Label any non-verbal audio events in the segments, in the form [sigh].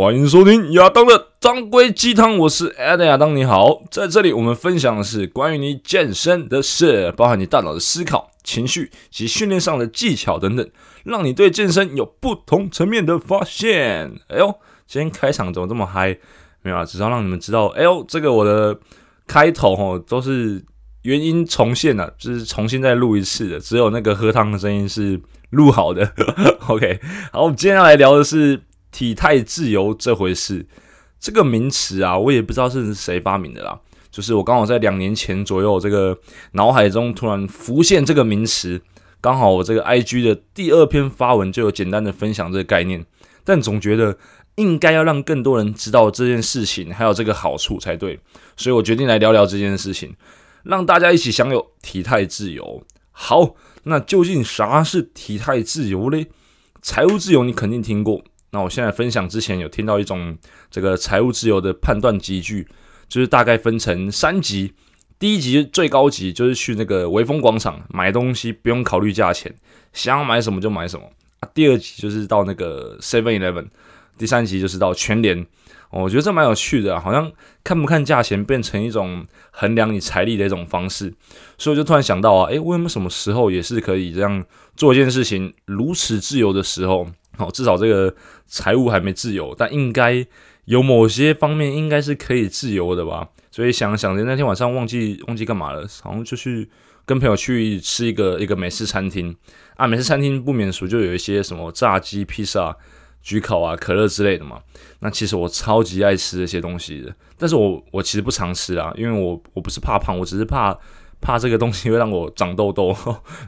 歡迎收聽亞當的當歸雞湯，我是 Adam 亞當，你好，在這裡我們分享的是關於你健身的事，包含你大腦的思考、情緒及訓練上的技巧等等，讓你對健身有不同層面的發現。哎呦，今天開場怎麼這麼嗨？沒有啊，只是讓你們知道，哎呦，這個我的開頭哦都是原音重現了、啊、就是重新再錄一次的，只有那個喝湯的聲音是錄好的。 [laughs] OK，好，我們今天要來聊的是。體態自由這回事，這個名詞啊，我也不知道是誰發明的啦。就是我剛好在兩年前左右，這個腦海中突然浮現這個名詞，剛好我這個 IG 的第二篇發文就有簡單的分享這個概念。但總覺得應該要讓更多人知道這件事情，還有這個好處才對，所以我決定來聊聊這件事情，讓大家一起享有體態自由。好，那究竟啥是體態自由嘞？財務自由你肯定聽過。那我現在分享之前有聽到一種這個財務自由的判斷依據，就是大概分成三級，第一級最高級就是去那個微風廣場買東西不用考慮價錢，想要買什麼就買什麼，第二級就是到那個 Seven Eleven，第三級就是到全聯。我覺得這蠻有趣的，啊，好像看不看價錢變成一種衡量你財力的一種方式。所以我就突然想到啊，誒、欸，為什麼什麼時候也是可以這樣做一件事情如此自由的時候？至少這個財務還沒自由，但應該有某些方面應該是可以自由的吧。所以想想着那天晚上忘記忘記幹嘛了，然後就去跟朋友去吃一個一個美式餐廳啊，美式餐廳不免俗就有一些什麼炸雞、披薩、焗烤啊、可樂之類的嘛。那其實我超級愛吃這些東西的，但是我我其實不常吃啊，因為我我不是怕胖，我只是怕怕這個東西會讓我長痘痘。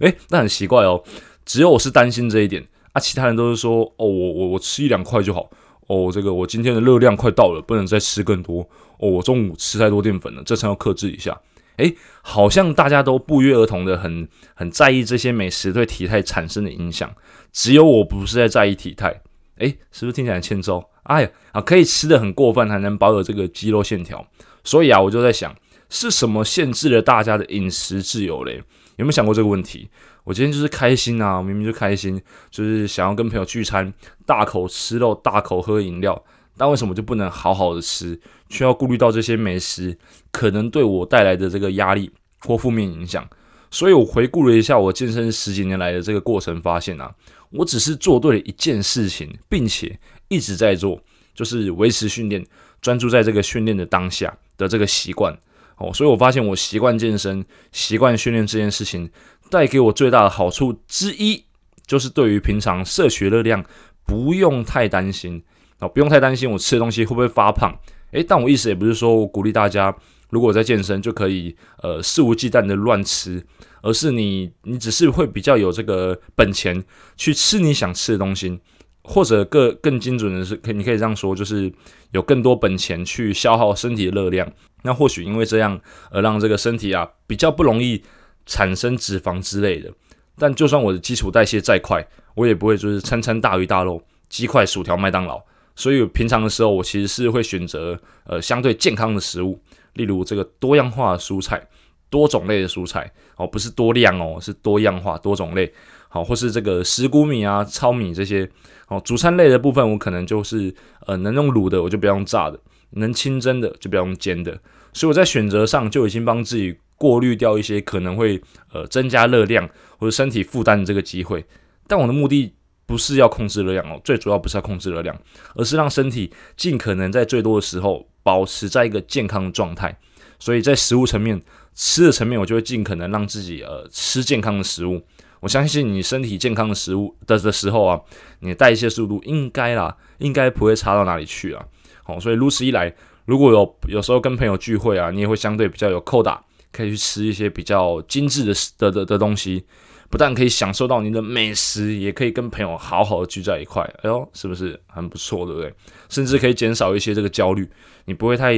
哎，那很奇怪哦，只有我是擔心這一點。啊，其他人都是說，哦，我我我吃一兩塊就好，哦，這個我今天的熱量快到了，不能再吃更多，哦，我中午吃太多澱粉了，這才要克制一下。誒，好像大家都不約而同的很很在意這些美食對體態產生的影響，只有我不是在在意體態，誒，是不是聽起來欠招？哎呀，啊，可以吃的很過分，還能保有這個肌肉線條，所以啊，我就在想，是什麼限制了大家的飲食自由嘞？有沒有想過這個問題？我今天就是開心啊，明明就開心，就是想要跟朋友聚餐，大口吃肉，大口喝飲料，但為什麼就不能好好的吃，卻要顧慮到這些美食可能對我帶來的這個壓力或負面影響？所以我回顧了一下我健身十幾年來的這個過程，發現啊，我只是做對了一件事情，並且一直在做，就是維持訓練，專注在這個訓練的當下的這個習慣。哦，所以我發現我習慣健身、習慣訓練這件事情，帶給我最大的好處之一，就是對於平常攝取熱量不用太擔心啊，哦，不用太擔心我吃的東西會不會發胖。誒，但我意思也不是說我鼓勵大家，如果我在健身就可以呃肆無忌憚的亂吃，而是你你只是會比較有這個本錢去吃你想吃的東西。或者更更精準的是，可你可以這樣說，就是有更多本錢去消耗身體的熱量，那或許因為這樣而讓這個身體啊比較不容易產生脂肪之類的。但就算我的基礎代謝再快，我也不會就是餐餐大魚大肉、雞塊、薯條、麥當勞。所以平常的時候，我其實是會選擇呃相對健康的食物，例如這個多樣化的蔬菜。多種類的蔬菜哦，不是多量哦，是多樣化、多種類好、哦，或是這個十穀米啊、糙米這些哦。主餐類的部分，我可能就是呃能用滷的，我就不要用炸的；能清蒸的，就不要用煎的。所以我在選擇上就已經幫自己過濾掉一些可能會呃增加熱量或者身體負擔的這個機會。但我的目的不是要控制熱量哦，最主要不是要控制熱量，而是讓身體盡可能在最多的時候保持在一個健康的狀態。所以在食物層面。吃的層面，我就會盡可能讓自己呃吃健康的食物。我相信你身體健康的食物的的時候啊，你的代謝速度應該啦，應該不會差到哪裡去啊。好、哦，所以如此一來，如果有有時候跟朋友聚會啊，你也會相對比較有扣打，可以去吃一些比較精致的的的的東西，不但可以享受到你的美食，也可以跟朋友好好的聚在一塊。哎呦，是不是很不錯？對不對？甚至可以減少一些這個焦慮，你不會太。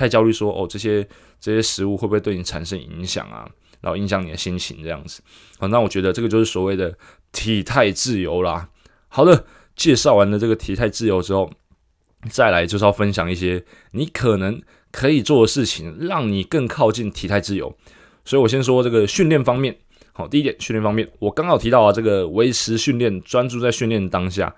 太焦慮，說哦，這些這些食物會不會對你產生影響啊？然後影響你的心情這樣子啊？好，那我覺得這個就是所謂的體態自由啦。好的，介紹完了這個體態自由之後，再來就是要分享一些你可能可以做的事情，讓你更靠近體態自由。所以我先說這個訓練方面，好，第一點，訓練方面，我剛好提到啊，這個維持訓練，專注在訓練當下。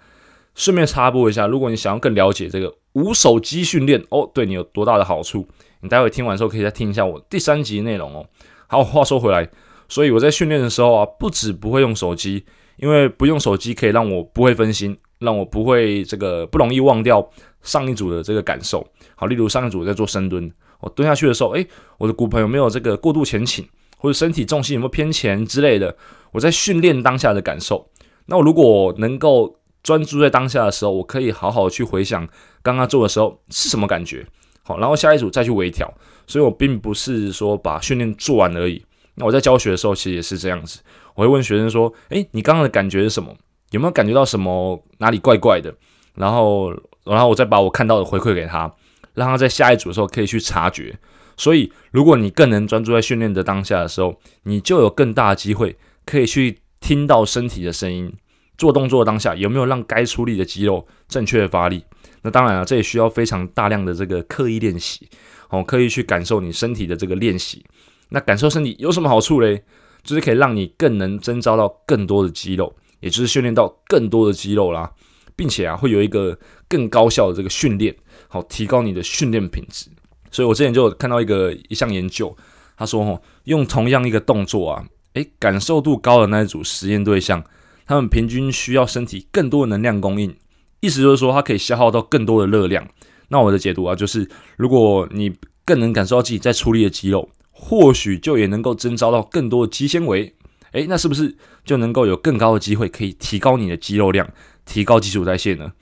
順便插播一下，如果你想要更了解這個無手機訓練哦，對你有多大的好處，你待會聽完之後可以再聽一下我第三集內容哦。好，話說回來，所以我在訓練的時候啊，不止不會用手機，因為不用手機可以讓我不會分心，讓我不會這個不容易忘掉上一組的這個感受。好，例如上一組我在做深蹲，我蹲下去的時候，誒、欸，我的骨盆有沒有這個過度前傾，或者身體重心有沒有偏前之類的，我在訓練當下的感受。那我如果能夠。專注在當下的時候，我可以好好去回想剛剛做的時候是什麼感覺。好，然後下一組再去微調。所以，我並不是說把訓練做完而已。那我在教學的時候，其實也是這樣子。我會問學生說：“欸，你剛剛的感覺是什麼？有沒有感覺到什麼哪裡怪怪的？”然後，然後我再把我看到的回饋給他，讓他在下一組的時候可以去察覺。所以，如果你更能專注在訓練的當下的時候，你就有更大的機會可以去聽到身體的聲音。做動作當下有沒有讓該出力的肌肉正確發力？那當然了，啊，這也需要非常大量的這個刻意練習，哦，刻意去感受你身體的這個練習。那感受身體有什麼好處嘞？就是可以讓你更能徵召到更多的肌肉，也就是訓練到更多的肌肉啦，並且啊會有一個更高效的這個訓練，好提高你的訓練品質。所以我之前就看到一個一項研究，他說哦，用同樣一個動作啊，誒，感受度高的那一組實驗對象。他們平均需要身體更多的能量供應，意思就是說，它可以消耗到更多的熱量。那我的解讀啊，就是如果你更能感受到自己在出力的肌肉，或許就也能夠徵召到更多的肌纖維。哎，那是不是就能夠有更高的機會可以提高你的肌肉量，提高基礎代謝呢？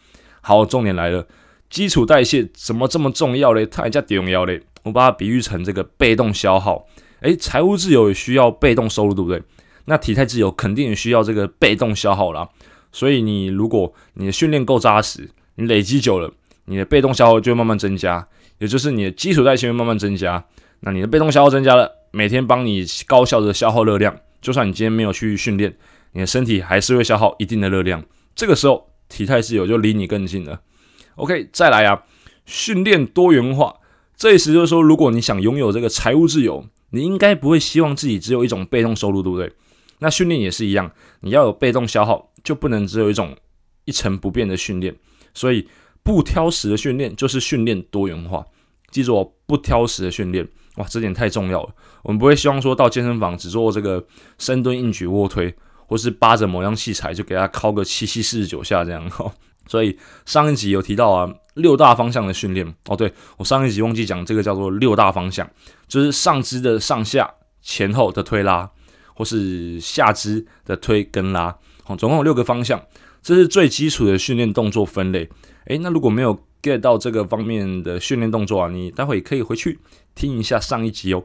好，重點來了，基礎代謝怎麼這麼重要嘞？它加叫底油嘞，我把它比喻成這個被動消耗。哎，財務自由也需要被動收入，對不對？那體態自由肯定也需要這個被動消耗啦，所以你如果你的訓練夠紮實，你累積久了，你的被動消耗就會慢慢增加，也就是你的基礎代謝會慢慢增加。那你的被動消耗增加了，每天幫你高效的消耗熱量，就算你今天沒有去訓練，你的身體還是會消耗一定的熱量。這個時候體態自由就離你更近了。OK，再來啊，訓練多元化，這意思就是說，如果你想擁有這個財務自由，你應該不會希望自己只有一種被動收入，對不對？那訓練也是一樣，你要有被動消耗，就不能只有一種一成不變的訓練。所以不挑食的訓練就是訓練多元化。記住，哦，不挑食的訓練，哇，這點太重要了。我們不會希望說到健身房只做這個深蹲、硬舉、臥推，或是扒着某樣器材就給它敲個七七四十九下這樣哦。所以上一集有提到啊，六大方向的訓練。哦，對，我上一集忘記講，這個叫做六大方向，就是上肢的上下、前後的推拉。或是下肢的推跟拉，好，總共有六個方向，這是最基礎的訓練動作分類。誒、欸，那如果沒有 get 到這個方面的訓練動作啊，你待會也可以回去聽一下上一集哦。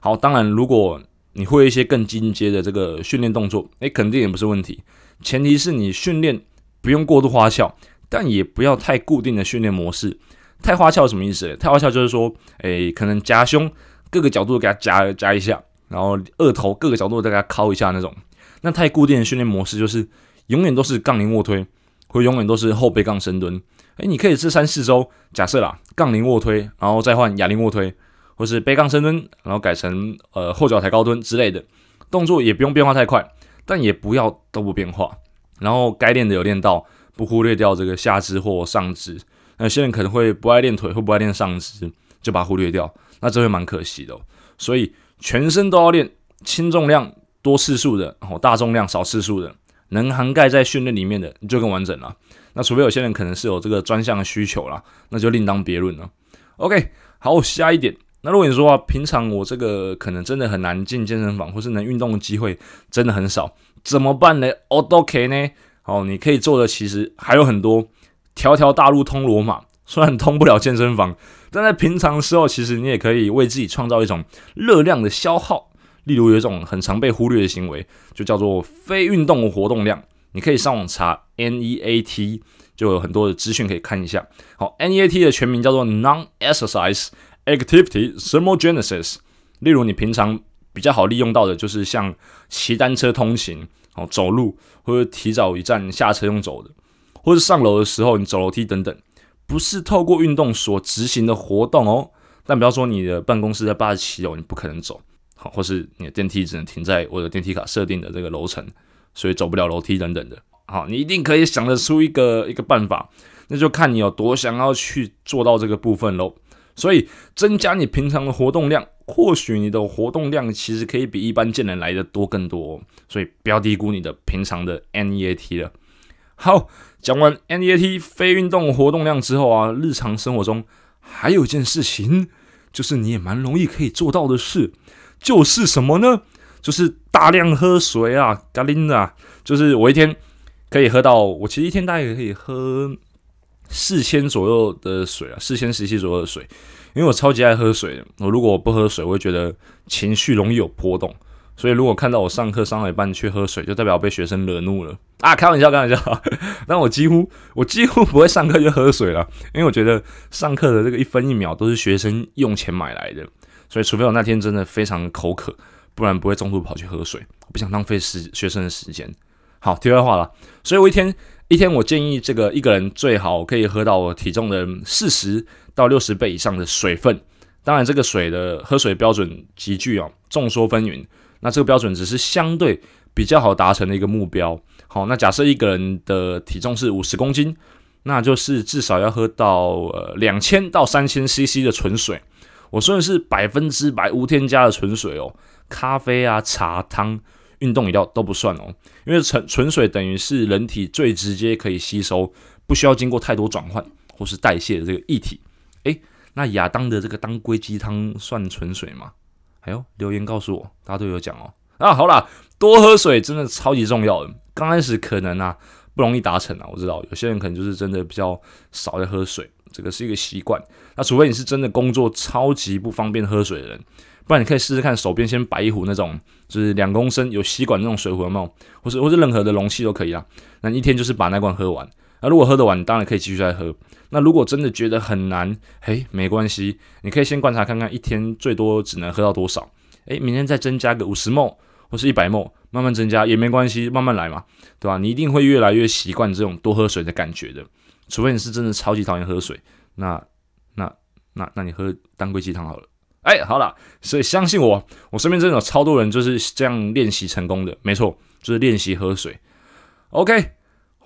好，當然，如果你會一些更進階的這個訓練動作，誒、欸，肯定也不是問題。前提是你訓練不用過度花俏，但也不要太固定的訓練模式。太花俏是什麼意思呢？太花俏就是說，誒、欸，可能夾胸各個角度給它夾夾一下。然後二頭各個角度大概敲一下那種，那太固定的訓練模式就是永遠都是槓鈴臥推，會永遠都是後背槓深蹲。哎，你可以這三四周，假設啦，槓鈴臥推，然後再換啞鈴臥推，或是背槓深蹲，然後改成呃後腳抬高蹲之類的動作，也不用變化太快，但也不要都不變化。然後該練的有練到，不忽略掉這個下肢或上肢。那有些人可能會不愛練腿或不愛練上肢，就把它忽略掉，那這會蠻可惜的哦。所以。全身都要練，輕重量多次數的，然後，大重量少次數的，能涵蓋在訓練裡面的，就更完整了。那除非有些人可能是有這個專項的需求了，那就另當別論了。OK，好，下一點。那如果你說啊，平常我這個可能真的很難進健身房，或是能運動的機會真的很少，怎麼辦呢？哦，都 OK 呢。哦，你可以做的其實還有很多，條條大路通羅馬，雖然通不了健身房。但在平常的時候，其實你也可以為自己創造一種熱量的消耗。例如有一種很常被忽略的行為，就叫做非運動活動量。你可以上網查 NEAT，就有很多的資訊可以看一下。好，NEAT 的全名叫做 Non-Exercise Activity Thermogenesis。例如你平常比較好利用到的就是像騎單車通勤、哦，走路，或者提早一站下車用走的，或者上樓的時候你走樓梯等等。不是透過運動所執行的活動哦，但比方說你的辦公室在八十七樓，你不可能走。好，或是你的電梯只能停在我的電梯卡設定的這個樓層，所以走不了樓梯等等的，好，你一定可以想得出一個一個辦法，那就看你有多想要去做到這個部分嘍。所以增加你平常的活動量，或許你的活動量其實可以比一般健人來的多更多，哦，所以不要低估你的平常的 NEAT 了。好。講完 NEAT 非運動活動量之後啊，日常生活中還有一件事情，就是你也蠻容易可以做到的事，就是什麼呢？就是大量喝水啊，甘霖啊，就是我一天可以喝到，我其實一天大概可以喝四千左右的水啊，四千 cc 左右的水，因為我超級愛喝水，我如果不喝水，我會覺得情緒容易有波動。所以，如果看到我上課上了一半去喝水，就代表被學生惹怒了啊！開玩笑，開玩笑。 [laughs] 但我幾乎，我幾乎不會上課就喝水了，因為我覺得上課的這個一分一秒都是學生用錢買來的，所以除非我那天真的非常口渴，不然不會中途跑去喝水，不想浪費時學生的時間。好，題外話了，所以我一天一天，我建議這個一個人最好可以喝到我體重的四十到六十倍以上的水分。當然，這個水的喝水標準極具哦，眾說紛紜。那這個標準只是相對比較好達成的一個目標。好，那假設一個人的體重是五十公斤，那就是至少要喝到呃兩千到三千 CC 的純水。我說的是百分之百無添加的純水哦，咖啡啊、茶湯、運動飲料都不算哦，因為純純水等於是人體最直接可以吸收，不需要經過太多轉換或是代謝的這個液體。誒、欸，那亞當的這個當歸雞湯算純水嗎？還有、哎、留言告訴我，大家都有講哦。啊，好啦，多喝水真的超級重要的。剛開始可能啊不容易達成啊，我知道有些人可能就是真的比較少的喝水，這個是一個習慣。那除非你是真的工作超級不方便喝水的人，不然你可以試試看，手邊先擺一壺那種就是兩公升有吸管的那種水壺那種，或是或是任何的容器都可以啊。那一天就是把那罐喝完。那、啊、如果喝得完，你當然可以繼續再喝。那如果真的覺得很難，嘿、欸，沒關係，你可以先觀察看看，一天最多只能喝到多少。哎、欸，明天再增加個五十 l 或是一百 l 慢慢增加也沒關係，慢慢來嘛，對吧、啊？你一定會越來越習慣這種多喝水的感覺的。除非你是真的超級討厭喝水，那、那、那、那你喝當歸雞湯好了。哎、欸，好了，所以相信我，我身邊真的有超多人就是這樣練習成功的。沒錯，就是練習喝水。OK。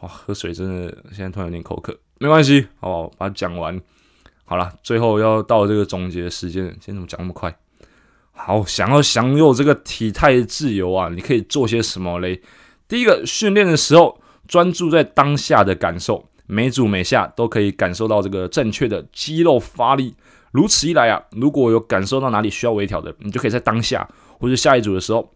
哇，喝水真的，現在突然有點口渴，沒關係，好，好，把它講完。好了，最後要到這個總結時間了，今天怎麼講那麼快？好，想要享有這個體態自由啊，你可以做些什麼嘞？第一個，訓練的時候專注在當下的感受，每組每下都可以感受到這個正確的肌肉發力。如此一來啊，如果有感受到哪裡需要微調的，你就可以在當下或者下一組的時候。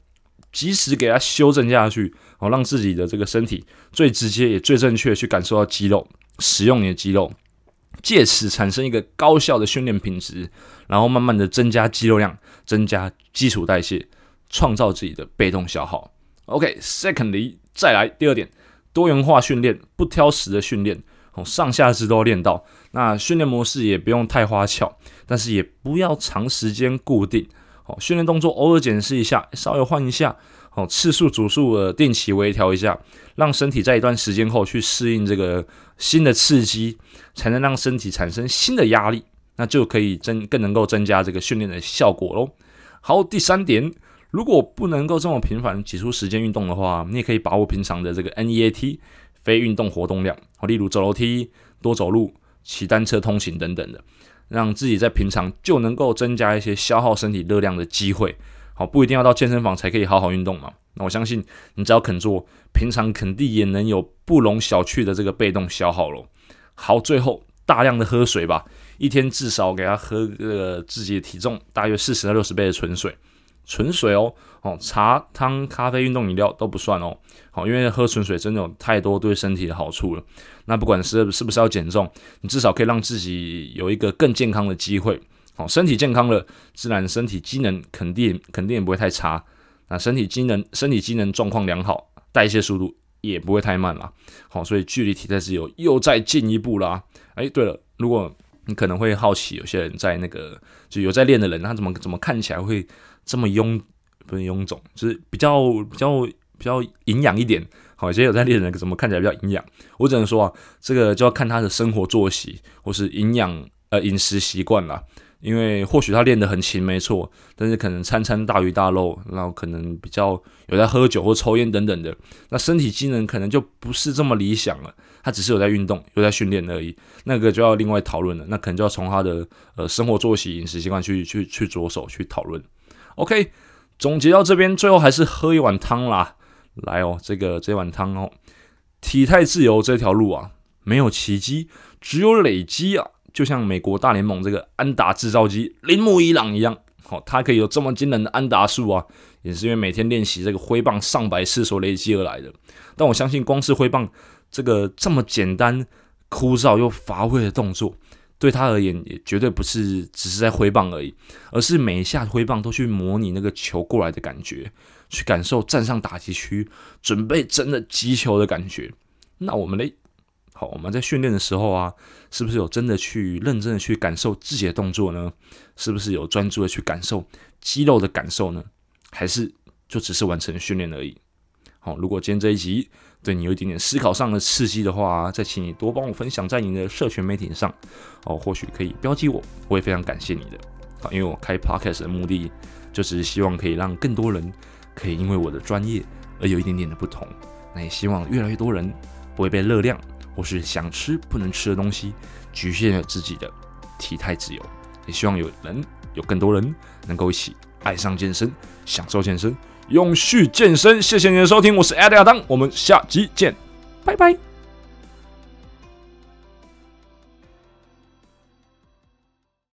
及時給它修正下去，好讓自己的這個身體最直接也最正確去感受到肌肉，使用你的肌肉，借此產生一個高效的訓練品質，然後慢慢的增加肌肉量，增加基礎代謝，創造自己的被動消耗。OK，Secondly，、okay, 再來第二點，多元化訓練，不挑食的訓練，哦上下肢都要練到，那訓練模式也不用太花俏，但是也不要長時間固定。好，訓練動作偶爾檢視一下，稍微換一下，好，次數、組數，呃，定期微調一下，讓身體在一段時間後去適應這個新的刺激，才能讓身體產生新的壓力，那就可以增，更能夠增加這個訓練的效果嘍。好，第三點，如果不能夠這麼頻繁擠出時間運動的話，你也可以把握平常的這個 NEAT 非運動活動量，好，例如走樓梯、多走路、騎單車通勤等等的。讓自己在平常就能夠增加一些消耗身體熱量的機會，好，不一定要到健身房才可以好好運動嘛。那我相信你只要肯做，平常肯定也能有不容小覷的這個被動消耗咯。好，最後大量的喝水吧，一天至少給他喝個自己的體重大約四十到六十倍的純水。純水哦哦，茶、湯、咖啡、運動飲料都不算哦。好，因為喝純水真的有太多對身體的好處了。那不管是是不是要減重，你至少可以讓自己有一個更健康的機會。好，身體健康了，自然身體機能肯定肯定也不會太差。那身體機能、身體機能狀況良好，代謝速度也不會太慢啦。好，所以距離體態自由又再進一步啦、啊。哎，對了，如果你可能會好奇，有些人在那個就有在練的人，他怎麼怎麼看起來會？這麼臃不是臃腫，就是比較比較比較營養一點。好，有些有在練的人怎麼看起來比較營養？我只能說啊，這個就要看他的生活作息或是營養呃飲食習慣了。因為或許他練得很勤沒錯，但是可能餐餐大魚大肉，然後可能比較有在喝酒或抽菸等等的，那身體機能可能就不是這麼理想了。他只是有在運動，有在訓練而已，那個就要另外討論了。那可能就要從他的呃生活作息、飲食習慣去去去着手去討論。OK，總結到這邊，最後還是喝一碗湯啦。來哦，這個這碗湯哦，體態自由這條路啊，沒有奇蹟，只有累積啊。就像美國大聯盟這個安打製造機鈴木一朗一樣，好，哦，它可以有這麼驚人的安打數啊，也是因為每天練習這個揮棒上百次所累積而來的。但我相信，光是揮棒這個這麼簡單、枯燥又乏味的動作。對他而言，也絕對不是只是在揮棒而已，而是每一下揮棒都去模擬那個球過來的感覺，去感受站上打擊區，準備真的擊球的感覺。那我們嘞，好，我們在訓練的時候啊，是不是有真的去認真的去感受自己的動作呢？是不是有專注的去感受肌肉的感受呢？還是就只是完成訓練而已？好，如果今天這一集，對你有一點點思考上的刺激的話，再請你多幫我分享在你的社群媒體上哦，或許可以標記我，我也非常感謝你的。好，因為我開 Podcast 的目的就是希望可以讓更多人可以因為我的專業而有一點點的不同，那也希望越來越多人不會被熱量或是想吃不能吃的東西局限了自己的體態自由，也希望有人有更多人能夠一起愛上健身，享受健身。永續健身，謝謝您的收聽，我是 Adam 亞當，我們下期見，拜拜。